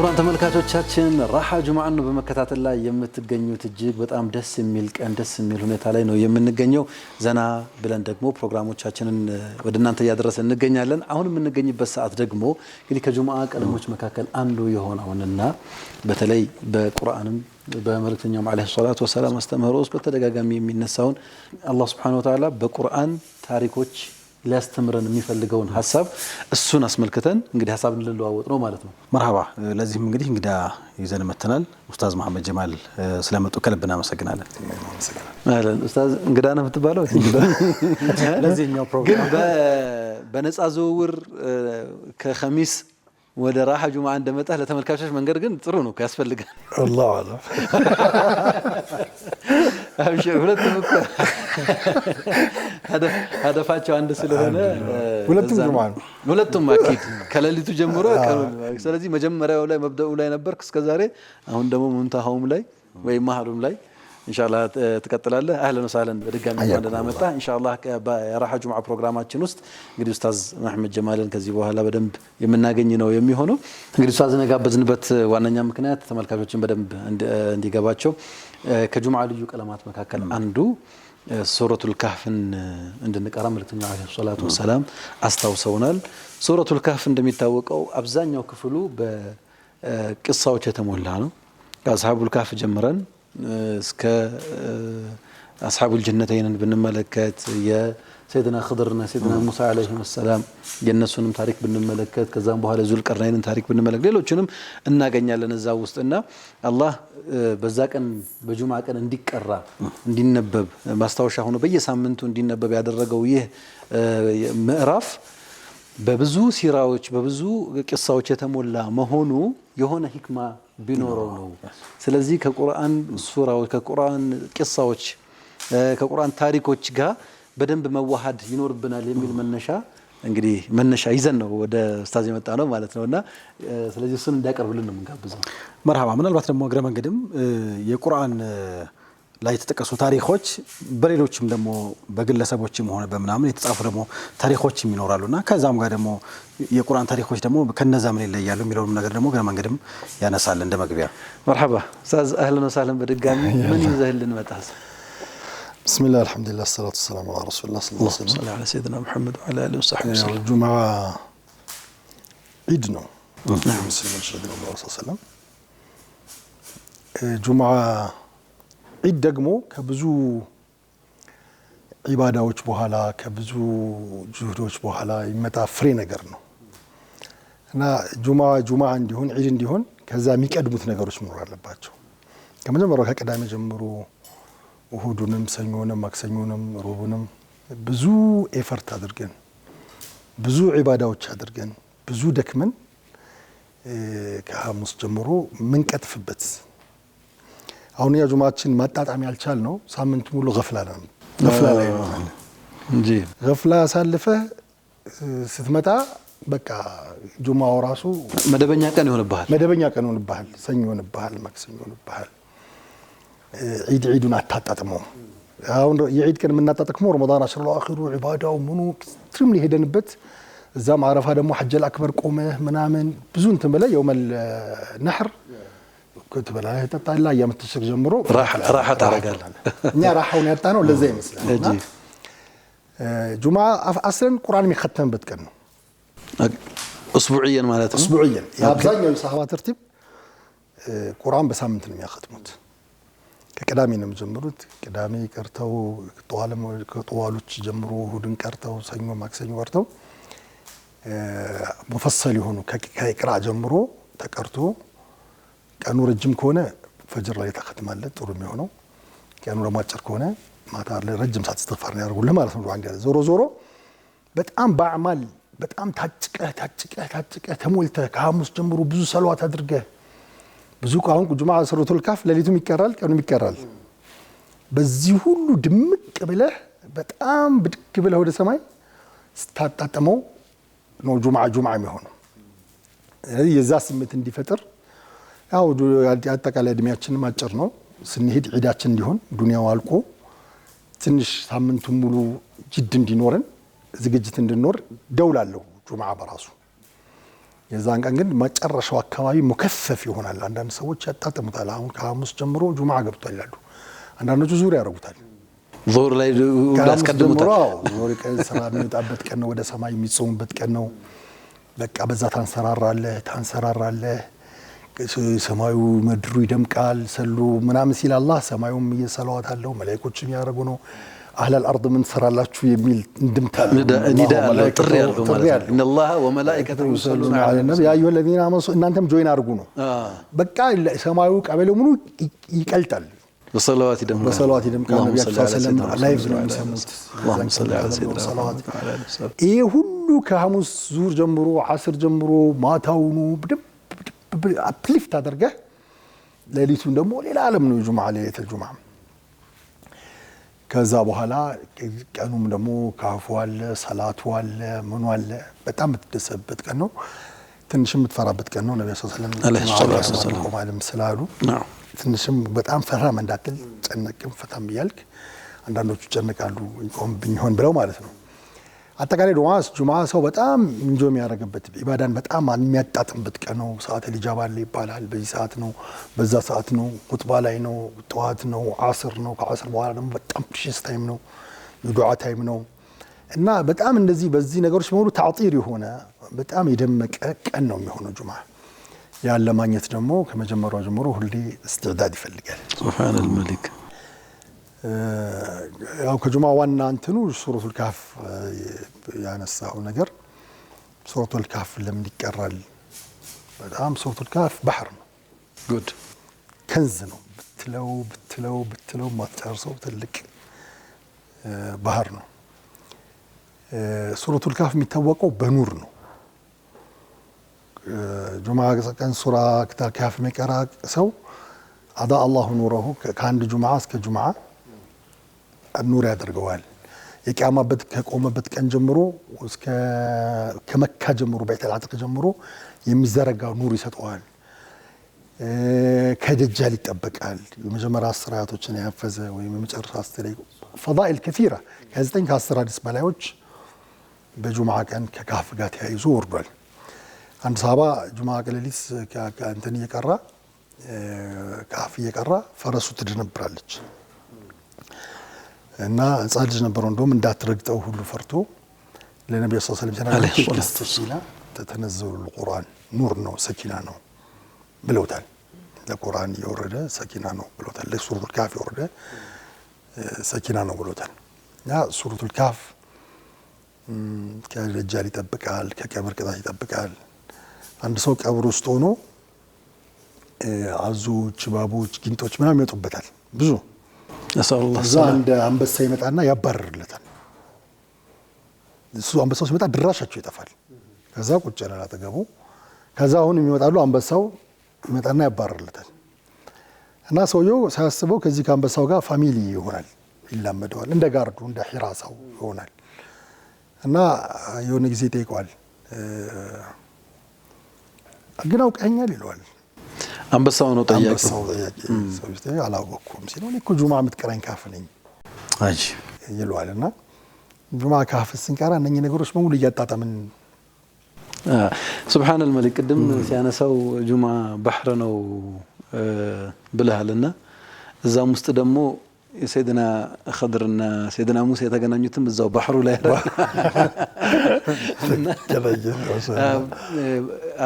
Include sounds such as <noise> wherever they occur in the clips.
ክቡራን ተመልካቾቻችን ራሓ ጁምዓን ነው በመከታተል ላይ የምትገኙት። እጅግ በጣም ደስ የሚል ቀን ደስ የሚል ሁኔታ ላይ ነው የምንገኘው። ዘና ብለን ደግሞ ፕሮግራሞቻችንን ወደ እናንተ እያደረሰ እንገኛለን። አሁን የምንገኝበት ሰዓት ደግሞ እንግዲህ ከጁምዓ ቀለሞች መካከል አንዱ የሆነውንና በተለይ በቁርአንም በመልእክተኛውም ዓለይሂ ሰላቱ ወሰላም አስተምህሮ ውስጥ በተደጋጋሚ የሚነሳውን አላህ ሱብሓነሁ ወተዓላ በቁርአን ታሪኮች ሊያስተምረን የሚፈልገውን ሀሳብ እሱን አስመልክተን እንግዲህ ሀሳብ ልንለዋወጥ ነው ማለት ነው። መርሃባ። ለዚህም እንግዲህ እንግዳ ይዘን መተናል። ኡስታዝ መሀመድ ጀማል ስለመጡ ከልብ እናመሰግናለን። ኡስታዝ እንግዳ ነው የምትባለው ለዚህኛው ፕሮግራም በነፃ ዝውውር ከኸሚስ ወደ ራሓ ጁማ እንደመጣህ ለተመልካቾች መንገድ ግን ጥሩ ነው ያስፈልጋል። አላሁ አለም ሁለቱም እኮ ሀደፋቸው አንድ ስለሆነ ሁለቱም ጁማ ነው። ሁለቱም አኪድ ከሌሊቱ ጀምሮ። ስለዚህ መጀመሪያው ላይ መብደኡ ላይ ነበርክ እስከዛሬ። አሁን ደግሞ ሙንታሃውም ላይ ወይም መሀሉም ላይ ኢንሻአላህ ትቀጥላለህ። አህለን ወሳህለን በድጋሚ እንደና መጣ። ኢንሻአላህ የራሓ ጁምዓ ፕሮግራማችን ውስጥ እንግዲህ ኡስታዝ መሐመድ ጀማልን ከዚህ በኋላ በደንብ የምናገኝ ነው የሚሆነው። እንግዲህ ኡስታዝ ነጋበዝንበት ዋነኛ ምክንያት ተመልካቾችን በደንብ እንዲገባቸው ከጁምዓ ልዩ ቀለማት መካከል አንዱ ሱረቱል ካህፍን እንድንቀራ መልእክተኛው ዓለይሂ ሰላቱ ወሰላም አስታውሰውናል። ሱረቱል ካህፍ እንደሚታወቀው አብዛኛው ክፍሉ በቅሳዎች የተሞላ ነው። ከአስሓቡል ካህፍ ጀምረን እስከ አስሓቡል ጀነተይንን ብንመለከት የሰይድና ክድርና ሰይድና ሙሳ ዓለይሂም ሰላም የእነሱንም ታሪክ ብንመለከት ከዛም በኋላ ዙልቀርናይንን ታሪክ ብንመለከት ሌሎችንም እናገኛለን እዛ ውስጥ እና አላህ በዛ ቀን በጁማ ቀን እንዲቀራ እንዲነበብ ማስታወሻ ሆኖ በየሳምንቱ እንዲነበብ ያደረገው ይህ ምዕራፍ በብዙ ሲራዎች በብዙ ቅሳዎች የተሞላ መሆኑ የሆነ ሂክማ ቢኖረው ነው። ስለዚህ ከቁርአን ሱራዎች፣ ከቁርአን ቂሳዎች፣ ከቁርአን ታሪኮች ጋር በደንብ መዋሃድ ይኖርብናል የሚል መነሻ እንግዲህ መነሻ ይዘን ነው ወደ ኡስታዝ የመጣ ነው ማለት ነው እና ስለዚህ እሱን እንዲያቀርብልን ነው የምንጋብዘው። መርሃባ ምናልባት ደግሞ እግረ መንገድም የቁርአን ላይ የተጠቀሱ ታሪኮች በሌሎችም ደግሞ በግለሰቦችም ሆነ በምናምን የተጻፉ ደግሞ ታሪኮችም ይኖራሉ እና ከዛም ጋር ደግሞ የቁርአን ታሪኮች ደግሞ ከነዛ ምን ይለያሉ የሚለውንም ነገር ደግሞ ገና መንገድም ያነሳል እንደ መግቢያ። መርሐባ ኡስታዝ፣ አህለን ወሳለን በድጋሚ <laughs> ምን ይዘህልን መጣ? ብስሚላ አልሐምዱሊላህ ሰላቱ ሰላም ዐላ ረሱሊላህ ሰይድና ሙሐመድ ወዐላ አሊሂ ወሰሕቢሂ ወሰለም። ጁምዓ ዒድ ነው ሙስሊሞች ረዲየላሁ ዐንሁ ጁምዓ ዒድ ደግሞ ከብዙ ኢባዳዎች በኋላ ከብዙ ጅሁዶች በኋላ ይመጣ ፍሬ ነገር ነው እና ጁማ ጁማ እንዲሆን ዒድ እንዲሆን ከዛ የሚቀድሙት ነገሮች መኖር አለባቸው። ከመጀመሪያው ከቅዳሜ ጀምሮ እሁዱንም፣ ሰኞንም፣ ማክሰኞንም፣ ሮቡንም ብዙ ኤፈርት አድርገን ብዙ ዒባዳዎች አድርገን ብዙ ደክመን ከሐሙስ ጀምሮ ምንቀጥፍበት አሁን ያ ጁማችን ማጣጣም ያልቻል ነው። ሳምንት ሙሉ ገፍላ ነው ገፍላ ላይ ነው እንጂ ገፍላ አሳልፈ ስትመጣ በቃ ጁማው ራሱ መደበኛ ቀን ይሆንብሃል፣ መደበኛ ቀን ይሆንብሃል፣ ሰኞ ይሆንብሃል፣ ማክሰኞ ይሆንብሃል። ዒድ ዒዱን አታጣጥመው። አሁን የዒድ ቀን የምናጣጥመው ረመዳን አሽር አኺሩ ዒባዳው ምኑ ትሪም ሊሄደንበት እዛም አረፋ ደግሞ ሐጀል አክበር ቆመህ ምናምን ብዙ እንትን ብለህ የውመል ነሕር ክትበላ ጠጣላ እያመተሸክ ጀምሮ ራሓ ታረጋል። እኛ ራሓውን ያጣ ነው። ለዛ ይመስላል ጁማ አስረን ቁርአን የሚከተምበት ቀን ነው። እስቡዕየን ማለት ነው። እስቡዕየን የአብዛኛው የሰሃባ ተርቲብ ቁርአን በሳምንት ነው የሚያከትሙት። ከቅዳሜ ነው የሚጀምሩት። ቅዳሜ ቀርተው ጠዋሎች ጀምሮ እሑድን ቀርተው ሰኞ፣ ማክሰኞ ቀርተው ሙፈሰል የሆኑ ከቅራ ጀምሮ ተቀርቶ ቀኑ ረጅም ከሆነ ፈጅር ላይ ታከትማለህ፣ ጥሩ የሚሆነው ቀኑ ደግሞ አጭር ከሆነ ማታ ላይ ረጅም ሰዓት እስትግፋር ነው ያደርጉልህ ማለት ነው። አንድ ያለ ዞሮ ዞሮ በጣም በአዕማል በጣም ታጭቀህ ታጭቀህ ታጭቀህ ተሞልተህ ከሐሙስ ጀምሮ ብዙ ሰለዋት አድርገህ ብዙ አሁን ጁማ ሰለዋቱል ካፍ ሌሊቱም ይቀራል፣ ቀኑም ይቀራል። በዚህ ሁሉ ድምቅ ብለህ በጣም ብድግ ብለህ ወደ ሰማይ ስታጣጠመው ነው ጁማ ጁማ የሚሆነው የዛ ስሜት እንዲፈጥር ያው አጠቃላይ እድሜያችንም አጭር ነው። ስንሄድ ዒዳችን እንዲሆን ዱኒያው አልቆ ትንሽ ሳምንቱ ሙሉ ጅድ እንዲኖረን ዝግጅት እንድኖር ደውላለሁ። ጁምዓ በራሱ የዛን ቀን ግን መጨረሻው አካባቢ ሙከፈፍ ይሆናል። አንዳንድ ሰዎች ያጣጥሙታል። አሁን ከሐሙስ ጀምሮ ጁምዓ ገብቷል ይላሉ። አንዳንዶቹ ዙር ያደርጉታል። ዙር ላይ ዙር ቀን ስራ የሚወጣበት ቀን ነው። ወደ ሰማይ የሚጾሙበት ቀን ነው። በቃ በዛ ታንሰራራለህ ታንሰራራለህ ሰማዩ ምድሩ ይደምቃል ሰሉ ምናምን ሲል አላህ ሰማዩም እየሰለዋት አለው መላይኮችም ያደረጉ ነው። አህለል አርድ ምን ትሰራላችሁ የሚል እንድምታ እናንተም ጆይን አድርጉ ነው። በቃ ሰማዩ ቀበሌው ሙሉ ይቀልጣል። በሰለዋት ይደምቃል። ሁሉ ከሐሙስ ዙር ጀምሮ አስር ጀምሮ ማታውኑ ድም አፕሊፍት አድርገህ ሌሊቱን ደግሞ ሌላ ዓለም ነው የጁምዓ ሌሊት ልጁምዓ። ከዛ በኋላ ቀኑም ደግሞ ካፉ አለ፣ ሰላቱ አለ፣ ምኑ አለ። በጣም የምትደሰበት ቀን ነው። ትንሽ የምትፈራበት ቀን ነው። ነቢ ሰለም ዓለም ስላሉ ትንሽም በጣም ፈራ መንዳትል ጨነቅም ፈታም እያልክ አንዳንዶቹ ጨነቃሉ ይቆምብኝ ይሆን ብለው ማለት ነው አጠቃላይ ድዋስ ጁማ ሰው በጣም እንጆ የሚያደርግበት ኢባዳን በጣም የሚያጣጥምበት ቀን ነው። ሰዓት ሊጃባ አለ ይባላል። በዚህ ሰዓት ነው፣ በዛ ሰዓት ነው፣ ሁጥባ ላይ ነው፣ ጠዋት ነው፣ አስር ነው። ከአስር በኋላ ደግሞ በጣም ሽስ ታይም ነው፣ የዱዓ ታይም ነው እና በጣም እንደዚህ በዚህ ነገሮች በሙሉ ታዕጢር የሆነ በጣም የደመቀ ቀን ነው የሚሆነው ጁማ። ያን ለማግኘት ደግሞ ከመጀመሪያ ጀምሮ ሁሌ እስትዕዳድ ይፈልጋል። ሱብሓነል መሊክ ያው ከጁማ ዋና እንትኑ ሱረቱል ካፍ ያነሳው ነገር ሱረቱል ካፍ ለምን ይቀራል? በጣም ሱረቱል ካፍ ባህር ነው፣ ጉድ ከንዝ ነው። ብትለው ብትለው ብትለው ማትጨርሰው ትልቅ ባህር ነው። ሱረቱል ካፍ የሚታወቀው በኑር ነው። ጁማ ቀን ሱራ ካፍ የሚቀራ ሰው አዳ አላሁ ኑረሁ ከአንድ ጁማ እስከ ጁማ ኑር ያደርገዋል። የቅያማበት ከቆመበት ቀን ጀምሮ ከመካ ጀምሮ በኢተል ጀምሮ የሚዘረጋ ኑር ይሰጠዋል። ከደጃል ይጠበቃል። የመጀመሪያ አስር አያቶችን ያፈዘ ወይም የመጨረሻ አስር ፈዳኢል ከሲራ ከዘጠኝ ከአስር አዲስ በላዮች በጁምዓ ቀን ከካፍ ጋር ተያይዞ ወርዷል። አንድ ሰሃባ ጁምዓ ቅሌሊት እንትን እየቀራ ካፍ እየቀራ ፈረሱ ትደነብራለች። እና ህፃን ልጅ ነበረው እንደውም እንዳትረግጠው ሁሉ ፈርቶ ለነቢዩ ስ ስለም ተናቱ ሲና ተተነዘሉ ቁርአን ኑር ነው ሰኪና ነው ብለውታል። ለቁርአን የወረደ ሰኪና ነው ብለውታል። ለሱረቱል ካፍ የወረደ ሰኪና ነው ብለውታል። እና ሱረቱል ካፍ ከደጃል ይጠብቃል፣ ከቀብር ቅጣት ይጠብቃል። አንድ ሰው ቀብር ውስጥ ሆኖ አዞዎች፣ እባቦች፣ ጊንጦች ምናምን ይወጡበታል ብዙ እዛ አንድ አንበሳ ይመጣና ያባረርለታል። እሱ አንበሳው ሲመጣ ድራሻቸው ይጠፋል። ከዛ ቁጭ ያለ አጠገቡ ከዛ አሁን የሚመጣሉ አንበሳው ይመጣና ያባረርለታል። እና ሰውየው ሳያስበው ከዚህ ከአንበሳው ጋር ፋሚሊ ይሆናል፣ ይላመደዋል። እንደ ጋርዱ እንደ ሂራሳው ይሆናል። እና የሆነ ጊዜ ይጠይቀዋል ግን አውቀኛል ይለዋል። አንበሳው ነው ጠያቂ። አላወቅኩም ሲለው እኮ ጁማ የምትቀረኝ ነኝ ይለዋል። እና ጁማ ካፍ ስንቀራ እነኚህ ነገሮች በሙሉ እያጣጣምን ሱብሓነል መሊክ ቅድም ሲያነሳው ጁማ ባህር ነው ብልሃል እና እዛም ውስጥ ደግሞ የሰይድና ኸድርና ሰይድና ሙሴ የተገናኙትም እዛው ባህሩ ላይ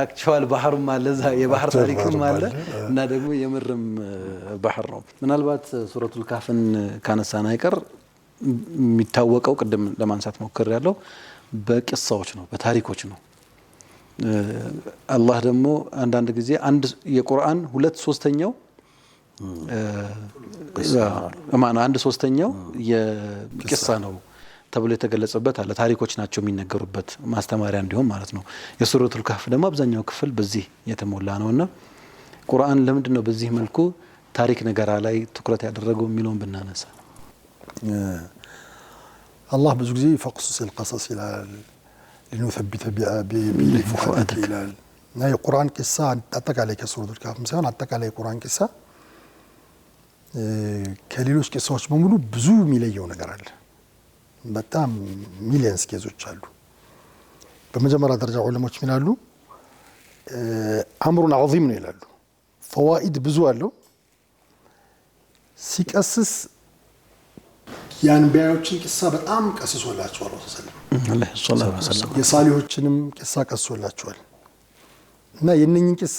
አክቸዋል ባህሩም አለ እዛ የባህር ታሪክም አለ እና ደግሞ የምርም ባህር ነው። ምናልባት ሱረቱል ካፍን ካነሳን አይቀር የሚታወቀው ቅድም ለማንሳት ሞክር ያለው በቅሳዎች ነው፣ በታሪኮች ነው። አላህ ደግሞ አንዳንድ ጊዜ አንድ የቁርአን ሁለት ሶስተኛው አንድ ሶስተኛው የቅሳ ነው ተብሎ የተገለጸበት አለ። ታሪኮች ናቸው የሚነገሩበት ማስተማሪያ እንዲሆን ማለት ነው። የሱረቱል ካህፍ ደግሞ አብዛኛው ክፍል በዚህ የተሞላ ነው እና ቁርአን ለምንድን ነው በዚህ መልኩ ታሪክ ነገራ ላይ ትኩረት ያደረገው የሚለውን ብናነሳ አላህ ብዙ ጊዜ ፈቅሱስ ልቀሰስ ይላል፣ ሊኑሰቢተ ቢፉአድክ ይላል እና የቁርአን ቂሳ አጠቃላይ ከሱረቱል ካህፍ ሳይሆን አጠቃላይ የቁርአን ቂሳ ከሌሎች ቄሳዎች በሙሉ ብዙ የሚለየው ነገር አለ። በጣም ሚሊየንስ ኬዞች አሉ። በመጀመሪያ ደረጃ ዑለሞች ምን አሉ? አምሩን ዓዚም ነው ይላሉ። ፈዋኢድ ብዙ አለው። ሲቀስስ የአንቢያዎችን ቂሳ በጣም ቀስሶላቸዋል። ሰለም የሳሊሆችንም ቂሳ ቀስሶላቸዋል እና የነኝን ቂሳ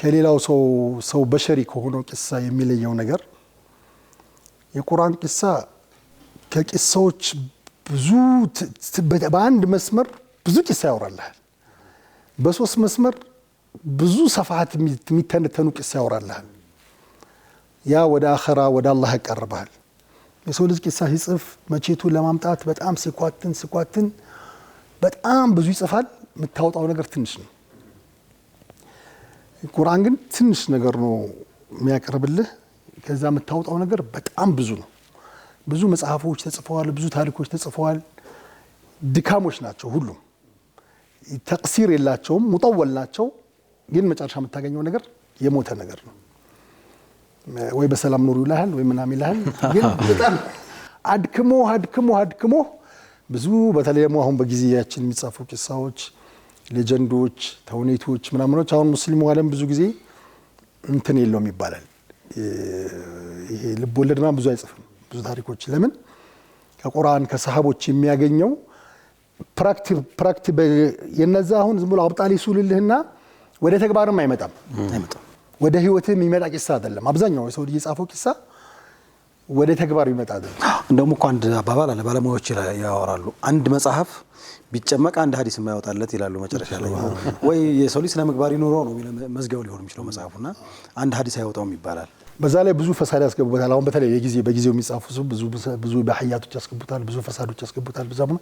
ከሌላው ሰው ሰው በሸሪ ከሆነው ቂሳ የሚለየው ነገር የቁርአን ቂሳ ከቂሳዎች ብዙ በአንድ መስመር ብዙ ቂሳ ያወራልሃል። በሶስት መስመር ብዙ ሰፋት የሚተነተኑ ቂሳ ያወራልሃል። ያ ወደ አኸራ ወደ አላህ ያቀርባል። የሰው ልጅ ቂሳ ሲጽፍ መቼቱን ለማምጣት በጣም ሲኳትን ሲኳትን በጣም ብዙ ይጽፋል። የምታወጣው ነገር ትንሽ ነው። ቁርአን ግን ትንሽ ነገር ነው የሚያቀርብልህ። ከዛ የምታወጣው ነገር በጣም ብዙ ነው። ብዙ መጽሐፎች ተጽፈዋል፣ ብዙ ታሪኮች ተጽፈዋል። ድካሞች ናቸው ሁሉም፣ ተቅሲር የላቸውም፣ ሙጠወል ናቸው። ግን መጨረሻ የምታገኘው ነገር የሞተ ነገር ነው። ወይ በሰላም ኑሩ ይልሃል፣ ወይ ምናምን ይልሃል። ግን በጣም አድክሞ አድክሞ አድክሞ ብዙ በተለይ ደግሞ አሁን በጊዜያችን የሚጻፉ ቂሳዎች ሌጀንዶች፣ ተውኔቶች ምናምኖች አሁን ሙስሊሙ ዓለም ብዙ ጊዜ እንትን የለውም ይባላል። ይሄ ልብ ወለድ ምናምን ብዙ አይጽፍም ብዙ ታሪኮች ለምን ከቁርአን ከሰሃቦች የሚያገኘው ፕራክቲ የነዛ አሁን ዝም ብሎ አብጣሊ ሱልልህና ወደ ተግባርም አይመጣም አይመጣም። ወደ ህይወትም የሚመጣ ቂሳ አይደለም። አብዛኛው ሰው የጻፈው ቂሳ ወደ ተግባር ይመጣል። እንደውም እኮ አንድ አባባል አለ፣ ባለሙያዎች ያወራሉ። አንድ መጽሐፍ ቢጨመቅ አንድ ሀዲስ የማያወጣለት ይላሉ። መጨረሻ ላይ ወይ የሰው ልጅ ስነ ምግባር ይኑረው ነው መዝጊያው ሊሆን የሚችለው መጽሐፉና አንድ ሀዲስ አይወጣውም ይባላል። በዛ ላይ ብዙ ፈሳድ ያስገቡበታል። አሁን በተለይ የጊዜ በጊዜው የሚጻፉ ብዙ ብዙ ባህያቶች ያስገቡታል፣ ብዙ ፈሳዶች ያስገቡታል። ብዛም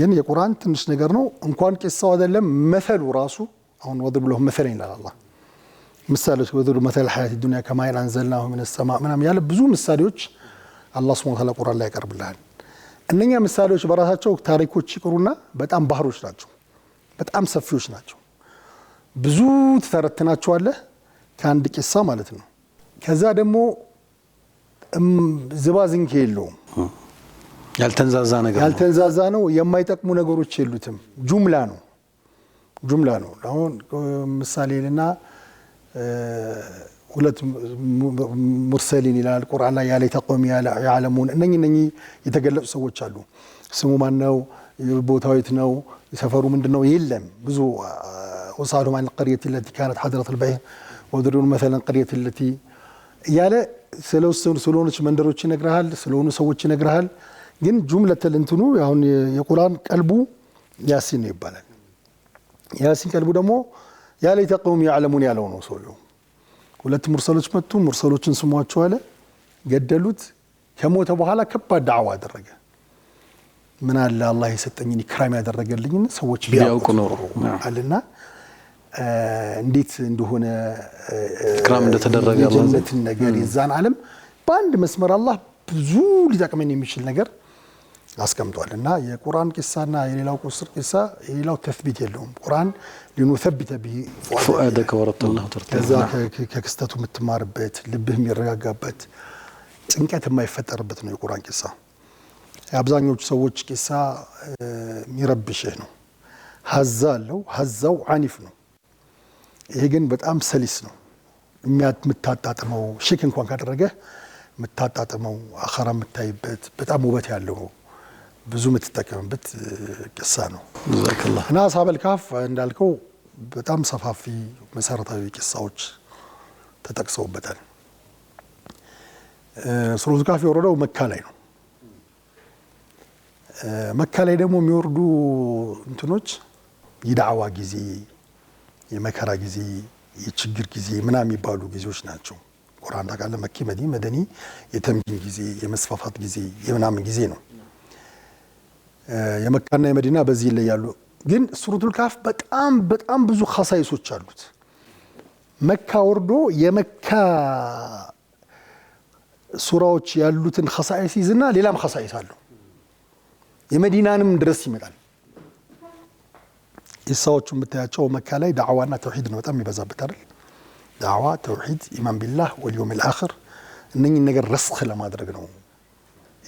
ግን የቁርአን ትንሽ ነገር ነው። እንኳን ቂሳው አይደለም መሰሉ ራሱ አሁን ወድር ለሁ መሰለኝ ይላል አላህ ምሳሌዎች በዘሩ መተል ሀያት ዱንያ ከማይን አንዘልናሁ ምን ሰማ ምናም ያለ ብዙ ምሳሌዎች አላህ ሱብሓነሁ ተላ ቁራን ላይ ያቀርብልሃል። እነኛ ምሳሌዎች በራሳቸው ታሪኮች ይቅሩና በጣም ባህሮች ናቸው፣ በጣም ሰፊዎች ናቸው። ብዙ ትተረትናቸዋለህ ከአንድ ቂሳ ማለት ነው። ከዛ ደግሞ ዝባዝንኬ የለውም፣ ያልተንዛዛ ነገር ያልተንዛዛ ነው። የማይጠቅሙ ነገሮች የሉትም። ጁምላ ነው፣ ጁምላ ነው። አሁን ምሳሌ ልና ሁለት ሙርሰሊን ይላል ቁርአን ላይ ያለ ተቆሚ ያለሙን እነኚህ እነኚህ የተገለጹ ሰዎች አሉ። ስሙ ማን ነው? ቦታው የት ነው? ሰፈሩ ምንድን ነው? የለም ብዙ ወሳሉም አን ቀርየት ለቲ ካነት ሐድረት ልበይር ወድሪውን መለን ቀርየት ለቲ እያለ ስለሆነች መንደሮች ይነግርሃል፣ ስለሆኑ ሰዎች ይነግርሃል። ግን ጁምለተል እንትኑ አሁን የቁርአን ቀልቡ ያሲን ነው ይባላል። ያሲን ቀልቡ ደግሞ ያ ለይተ ቀውም ያዕለሙን ያለው ነው ሰውየው። ሁለት ሙርሰሎች መጡ። ሙርሰሎችን ስሟቸው አለ፣ ገደሉት። ከሞተ በኋላ ከባድ ዳዕዋ አደረገ። ምን አለ አላህ የሰጠኝን ኢክራም ያደረገልኝን ሰዎች ቢያውቁ ኖሮ አለና እንዴት እንደሆነ ክራም እንደተደረገ የጀነትን ነገር የዛን ዓለም በአንድ መስመር አላህ ብዙ ሊጠቅመን የሚችል ነገር አስቀምጧል እና የቁርአን ቂሳና የሌላው ቁስር ቂሳ የሌላው ተፍቢት የለውም። ቁርአን ሊኑተቢተ ቢ ፉአደከ ከክስተቱ የምትማርበት ልብህ የሚረጋጋበት ጭንቀት የማይፈጠርበት ነው የቁርአን ቂሳ። የአብዛኞቹ ሰዎች ቂሳ የሚረብሽህ ነው። ሀዛ አለው ሀዛው አኒፍ ነው። ይሄ ግን በጣም ሰሊስ ነው። የምታጣጥመው ሽክ እንኳን ካደረገህ የምታጣጥመው አኸራ የምታይበት በጣም ውበት ያለው ብዙ የምትጠቀምበት ቅሳ ነው እና አስሐበል ካህፍ እንዳልከው በጣም ሰፋፊ መሰረታዊ ቅሳዎች ተጠቅሰውበታል። ሱረቱል ካህፍ የወረደው መካ ላይ ነው። መካ ላይ ደግሞ የሚወርዱ እንትኖች የዳዕዋ ጊዜ፣ የመከራ ጊዜ፣ የችግር ጊዜ ምናምን የሚባሉ ጊዜዎች ናቸው። ቁርአን ታውቃለህ፣ መኪ መዲ መደኒ የተምኪን ጊዜ፣ የመስፋፋት ጊዜ፣ የምናምን ጊዜ ነው። የመካና የመዲና በዚህ ይለያሉ። ግን ሱረቱል ካፍ በጣም በጣም ብዙ ሀሳይሶች አሉት። መካ ወርዶ የመካ ሱራዎች ያሉትን ሀሳይስ ይዝና ሌላም ሀሳይስ አለው። የመዲናንም ድረስ ይመጣል። ኢሳዎቹ የምታያቸው መካ ላይ ዳዕዋና ተውሂድ ነው በጣም ይበዛበት አይደል? ዳዕዋ፣ ተውሂድ፣ ኢማን ቢላህ ወልዮም ልአኽር እነኝን ነገር ረስኽ ለማድረግ ነው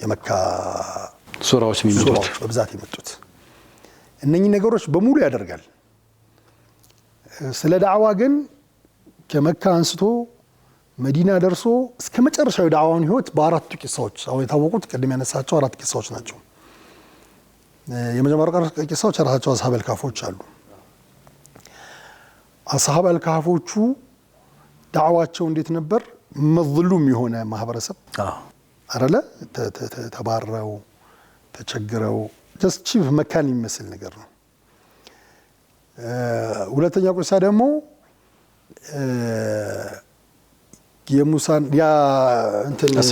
የመካ ሱራዎች የሚመጡት በብዛት የመጡት እነኚህ ነገሮች በሙሉ ያደርጋል። ስለ ዳዕዋ ግን ከመካ አንስቶ መዲና ደርሶ እስከ መጨረሻዊ ዳዕዋን ህይወት በአራቱ ቂሳዎች አሁን የታወቁት ቅድም ያነሳቸው አራት ቂሳዎች ናቸው። የመጀመሪያው ቂሳዎች ራሳቸው አስሀብ አልካፎች አሉ። አስሀብ አልካፎቹ ዳዕዋቸው እንዴት ነበር? መሉም የሆነ ማህበረሰብ አረለ ተባረው ተቸግረው ጀስት መካን የሚመስል ነገር ነው። ሁለተኛው ቁሳ ደግሞ የሙሳን ጓደኛ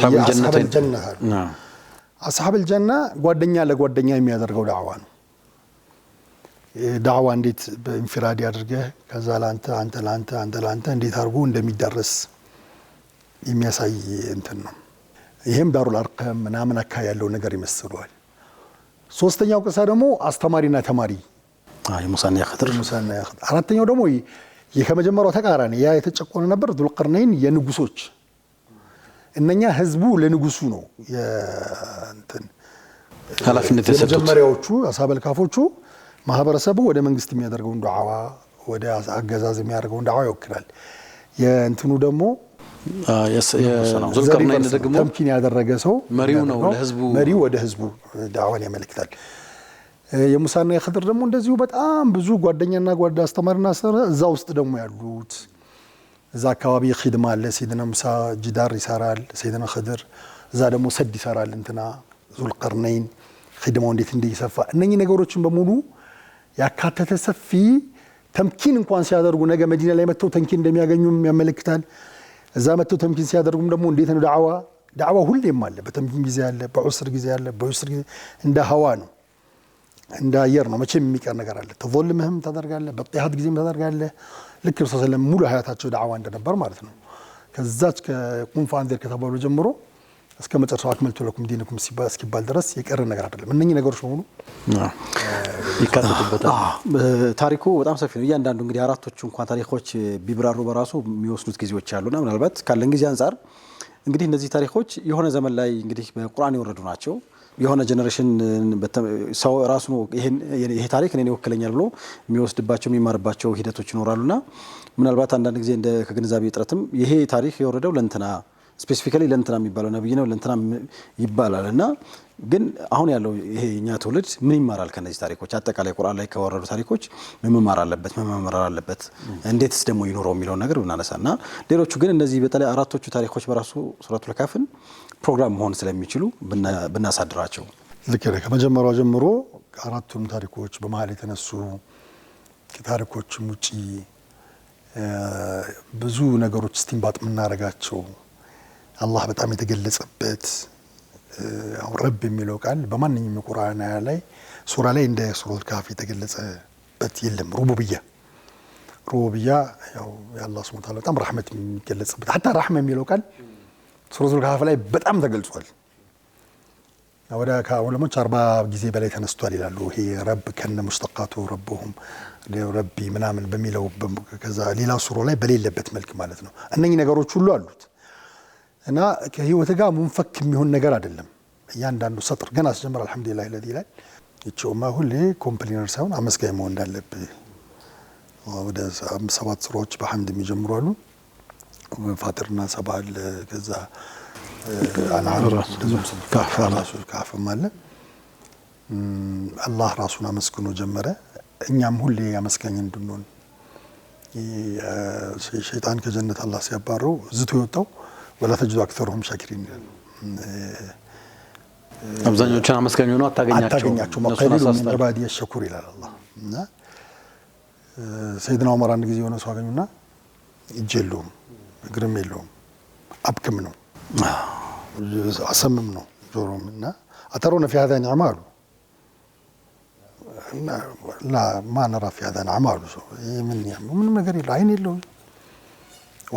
ለጓደኛ የሚያደርገው ዳዕዋ ነው። ዳዕዋ እንዴት በኢንፊራድ አድርገህ ከዛ ለአንተ አንተ ለአንተ አንተ ለአንተ እንዴት አድርጎ እንደሚዳረስ የሚያሳይ እንትን ነው። ይህም ዳሩል አርቀም ምናምን አካ ያለው ነገር ይመስለዋል። ሶስተኛው ቅሳ ደግሞ አስተማሪና ተማሪ ሙሳና ያክድር አራተኛው ደግሞ ይህ ከመጀመሪያው ተቃራኒ ያ የተጨቆነ ነበር ዙልቀርነይን የንጉሶች እነኛ ህዝቡ ለንጉሱ ነው እንትን ኃላፊነት የመጀመሪያዎቹ አሳበል ማህበረሰቡ ወደ መንግስት የሚያደርገውን ዱዓዋ ወደ አገዛዝ የሚያደርገውን ዱዓዋ ይወክላል። የእንትኑ ደግሞ ዙልቀርነይን ደግሞ ተምኪን ያደረገ ሰው መሪው ነው። ለህዝቡ መሪው ወደ ህዝቡ ዳዕዋን ያመለክታል። የሙሳና የክድር ደግሞ እንደዚሁ በጣም ብዙ ጓደኛና ጓዳ አስተማሪና አስተማሪ እዛ ውስጥ ደግሞ ያሉት እዛ አካባቢ ኺድማ አለ። ሰይድና ሙሳ ጅዳር ይሰራል፣ ሰይድና ክድር እዛ ደግሞ ሰድ ይሰራል። እንትና ዙልቀርነይን ኺድማው እንዴት እንደይሰፋ እነኚህ ነገሮችን በሙሉ ያካተተ ሰፊ ተምኪን እንኳን ሲያደርጉ ነገ መዲና ላይ መጥተው ተምኪን እንደሚያገኙም ያመለክታል። እዛ መጥተው ተምኪን ሲያደርጉም ደግሞ እንዴት ነው ዳዕዋ ዳዕዋ ሁሌም አለ። በተምኪን ጊዜ አለ፣ በዑስር ጊዜ አለ። በዑስር ጊዜ እንደ ሀዋ ነው እንደ አየር ነው። መቼም የሚቀር ነገር አለ። ተዞልምህም ታደርጋለህ፣ በጢሀት ጊዜም ታደርጋለህ። ልክ ሰለም ሙሉ ሀያታቸው ዳዕዋ እንደነበር ማለት ነው። ከዛች ከቁም ከተባሉ ጀምሮ እስከ መጨረሻው አክመልቱ ለኩም ዲንኩም እስኪባል ድረስ የቀረ ነገር አይደለም። እነኚህ ነገሮች በሙሉ ይካተቱበታል። ታሪኩ በጣም ሰፊ ነው። እያንዳንዱ እንግዲህ አራቶቹ እንኳን ታሪኮች ቢብራሩ በራሱ የሚወስዱት ጊዜዎች አሉና ምናልባት ካለን ጊዜ አንጻር እንግዲህ እነዚህ ታሪኮች የሆነ ዘመን ላይ እንግዲህ በቁርአን የወረዱ ናቸው። የሆነ ጀኔሬሽን ሰው ራሱ ይሄ ታሪክ እኔን ይወክለኛል ብሎ የሚወስድባቸው የሚማርባቸው ሂደቶች ይኖራሉና ምናልባት አንዳንድ ጊዜ እንደ ከግንዛቤ እጥረትም ይሄ ታሪክ የወረደው ለእንትና ስፔሲፊካሊ ለእንትና የሚባለው ነብይ ነው ለእንትና ይባላል እና ግን አሁን ያለው ይሄ እኛ ትውልድ ምን ይማራል ከነዚህ ታሪኮች? አጠቃላይ ቁርአን ላይ ከወረዱ ታሪኮች መማር አለበት መመመር አለበት፣ እንዴትስ ደግሞ ይኖረው የሚለውን ነገር ብናነሳ እና ሌሎቹ ግን እነዚህ በተለይ አራቶቹ ታሪኮች በራሱ ሱረቱ ለካፍን ፕሮግራም መሆን ስለሚችሉ ብናሳድራቸው ልክ ከመጀመሪያው ጀምሮ አራቱም ታሪኮች በመሀል የተነሱ ታሪኮችም ውጪ ብዙ ነገሮች ስቲምባጥ የምናደርጋቸው አላህ በጣም የተገለጸበት አሁን ረብ የሚለው ቃል በማንኛውም የቁርአን አያ ላይ ሱራ ላይ እንደ ሱረቱል ካፍ የተገለጸበት የለም። ሩቡብያ ሩቡብያ ያው የአላህ ስብሐ ወተዓላ በጣም ራህመት የሚገለጽበት ሐታ ራህመ የሚለው ቃል ሱረቱል ካፍ ላይ በጣም ተገልጿል። ወደ ከዑለሞች አርባ ጊዜ በላይ ተነስቷል ይላሉ። ይሄ ረብ ከነ ሙስጠቃቱ ረብሁም ረቢ ምናምን በሚለው ከዛ ሌላ ሱሮ ላይ በሌለበት መልክ ማለት ነው። እነኚህ ነገሮች ሁሉ አሉት እና ከህይወት ጋር ሙንፈክ የሚሆን ነገር አይደለም። እያንዳንዱ ሰጥር ገና አስጀምር አልሐምዱሊላህ ለዚ ይላል። ይችውማ ሁሌ ኮምፕሊነር ሳይሆን አመስጋኝ መሆን እንዳለብህ ወደ ሰባት ስራዎች በሐምድ የሚጀምሩ አሉ። ፋጥርና ሰባል ከዛ ካፍም አለ። አላህ ራሱን አመስግኖ ጀመረ። እኛም ሁሌ አመስጋኝ እንድንሆን ሸይጣን ከጀነት አላህ ሲያባረው ዝቶ የወጣው ወላ ተጅዱ አክሰሩሁም ሻኪሪን አብዛኞቹን አመስጋኝ ሆኖ አታገኛቸውም ወቀሊሉ ሚን ዒባዲየ ሸኩር ይላል አላህ። እና ሰይድና ዑመር አንድ ጊዜ የሆነ ሰው አገኙና እጅ የለውም እግርም የለውም አብክም ነው አሰምም ነው ጆሮም እና አተሮነ ፊ ሀዛ ኒዕማ አሉ ላ ማነራ ሀዛ ኒዕማ አሉ። ሰው ምን ምንም ነገር የለው አይን የለው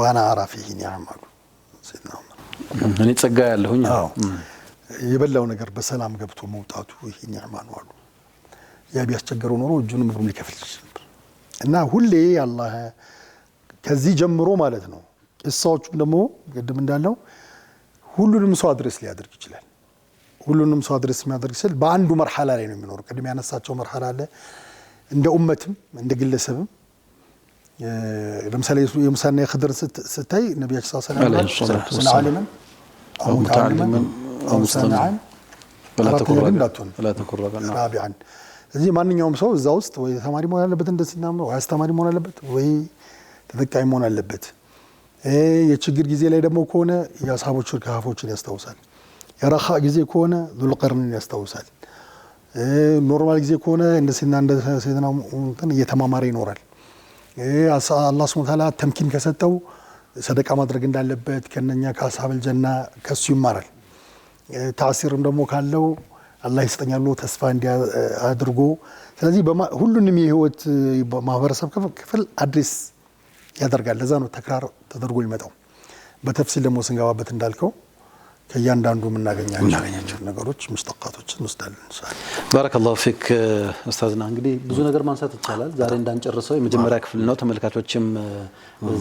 ዋና አራ ኒዕማ አሉ ሴትና እኔ ጸጋ ያለሁኝ የበላው ነገር በሰላም ገብቶ መውጣቱ ይሄ ኒዕማ ነው አሉ። ያ ቢያስቸገረው ኖሮ ሊከፍል ነበር። እና ሁሌ አላህ ከዚህ ጀምሮ ማለት ነው። ቂሳዎቹም ደግሞ ቅድም እንዳለው ሁሉንም ሰው አድሬስ ሊያደርግ ይችላል። ሁሉንም ሰው አድሬስ የሚያደርግ ስል በአንዱ ላይ ነው የሚኖሩ ቅድም ያነሳቸው አለ እንደ ኡመትም እንደ ግለሰብም ለምሳሌ የሙሳና የክድር ስታይ ነቢያችን ስ ስለም ዓሊምን ሙተዓሊምን ሙሰናን ራቢዓን እዚህ ማንኛውም ሰው እዛ ውስጥ ወይ ተማሪ መሆን አለበት እንደ ስናም ወይ አስተማሪ መሆን አለበት ወይ ተጠቃሚ መሆን አለበት። የችግር ጊዜ ላይ ደግሞ ከሆነ የአስሓቦችን ከሃፎችን ያስታውሳል። የረኻ ጊዜ ከሆነ ዙልቀርንን ያስታውሳል። ኖርማል ጊዜ ከሆነ እንደ ሴና እንደ ሴትና እየተማማረ ይኖራል። አላህ ስብሐ ወተዓላ ተምኪን ከሰጠው ሰደቃ ማድረግ እንዳለበት ከነኛ ከአስሐበል ጀና ከሱ ይማራል። ታሲርም ደግሞ ካለው አላህ ይስጠኛሉ ተስፋ እንዲያ አድርጎ ስለዚህ ሁሉንም የህይወት ማህበረሰብ ክፍል አድሬስ ያደርጋል። ለዛ ነው ተክራር ተደርጎ ይመጣው። በተፍሲል ደግሞ ስንገባበት እንዳልከው ከእያንዳንዱ የምናገኛቸው ነገሮች ሙስተቃቶችን እንወስዳለን። ባረከላሁ ፊክ ኡስታዝና፣ እንግዲህ ብዙ ነገር ማንሳት ይቻላል። ዛሬ እንዳንጨርሰው የመጀመሪያ ክፍል ነው። ተመልካቾችም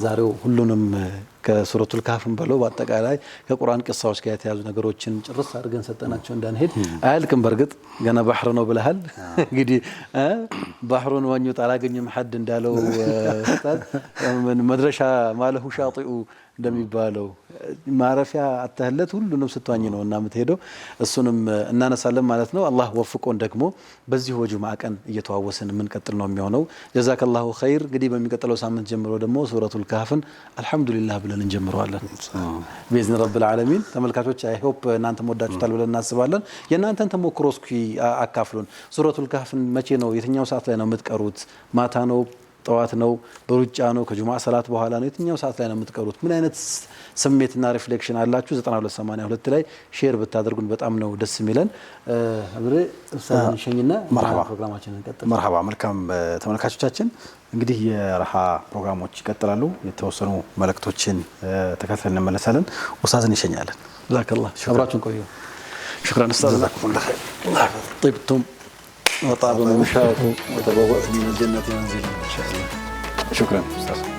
ዛሬው ሁሉንም ከሱረቱል ካፍን ብለው በአጠቃላይ ከቁርአን ቅሳዎች ጋር የተያዙ ነገሮችን ጭርስ አድርገን ሰጠናቸው። እንዳንሄድ አያልቅም። በእርግጥ ገና ባህር ነው ብለሃል። <laughs> እንግዲህ ባህሩን ዋኙት አላገኝም ሐድ እንዳለው <laughs> መድረሻ ማለሁ ሻጢኡ እንደሚባለው ማረፊያ አተህለት ሁሉንም ስትዋኝ ነው እና የምትሄደው። እሱንም እናነሳለን ማለት ነው። አላህ ወፍቆን ደግሞ በዚህ ወጁምዓ ቀን እየተዋወስን የምንቀጥል ነው የሚሆነው። ጀዛከላሁ ኸይር። እንግዲህ በሚቀጥለው ሳምንት ጀምሮ ደግሞ ሱረቱል ካህፍን አልሐምዱሊላህ ብለን እንጀምረዋለን ቤዝን ረብል ዓለሚን። ተመልካቾች አይ ሆፕ እናንተም ወዳችሁታል ብለን እናስባለን። የእናንተን ተሞክሮ እስኪ አካፍሉን። ሱረቱል ካህፍን መቼ ነው የትኛው ሰዓት ላይ ነው የምትቀሩት? ማታ ነው ጠዋት ነው፣ በሩጫ ነው፣ ከጁማ ሰላት በኋላ ነው፣ የትኛው ሰዓት ላይ ነው የምትቀሩት? ምን አይነት ስሜትና ሪፍሌክሽን አላችሁ? 9282 ላይ ሼር ብታደርጉን በጣም ነው ደስ የሚለን። አብሬ ፕሮግራማችን እንቀጥል። መርሃባ። መልካም ተመልካቾቻችን፣ እንግዲህ የረሃ ፕሮግራሞች ይቀጥላሉ። የተወሰኑ መልእክቶችን ተከትለን እንመለሳለን። ኡስታዝን ይሸኛለን። ዛከላ አብራችሁን ቆዩ። ሽክራን ኡስታዝ ጢብቱም وطاب مشاطه وتبوأت من الجنة منزلا إن شاء الله شكرا أستاذ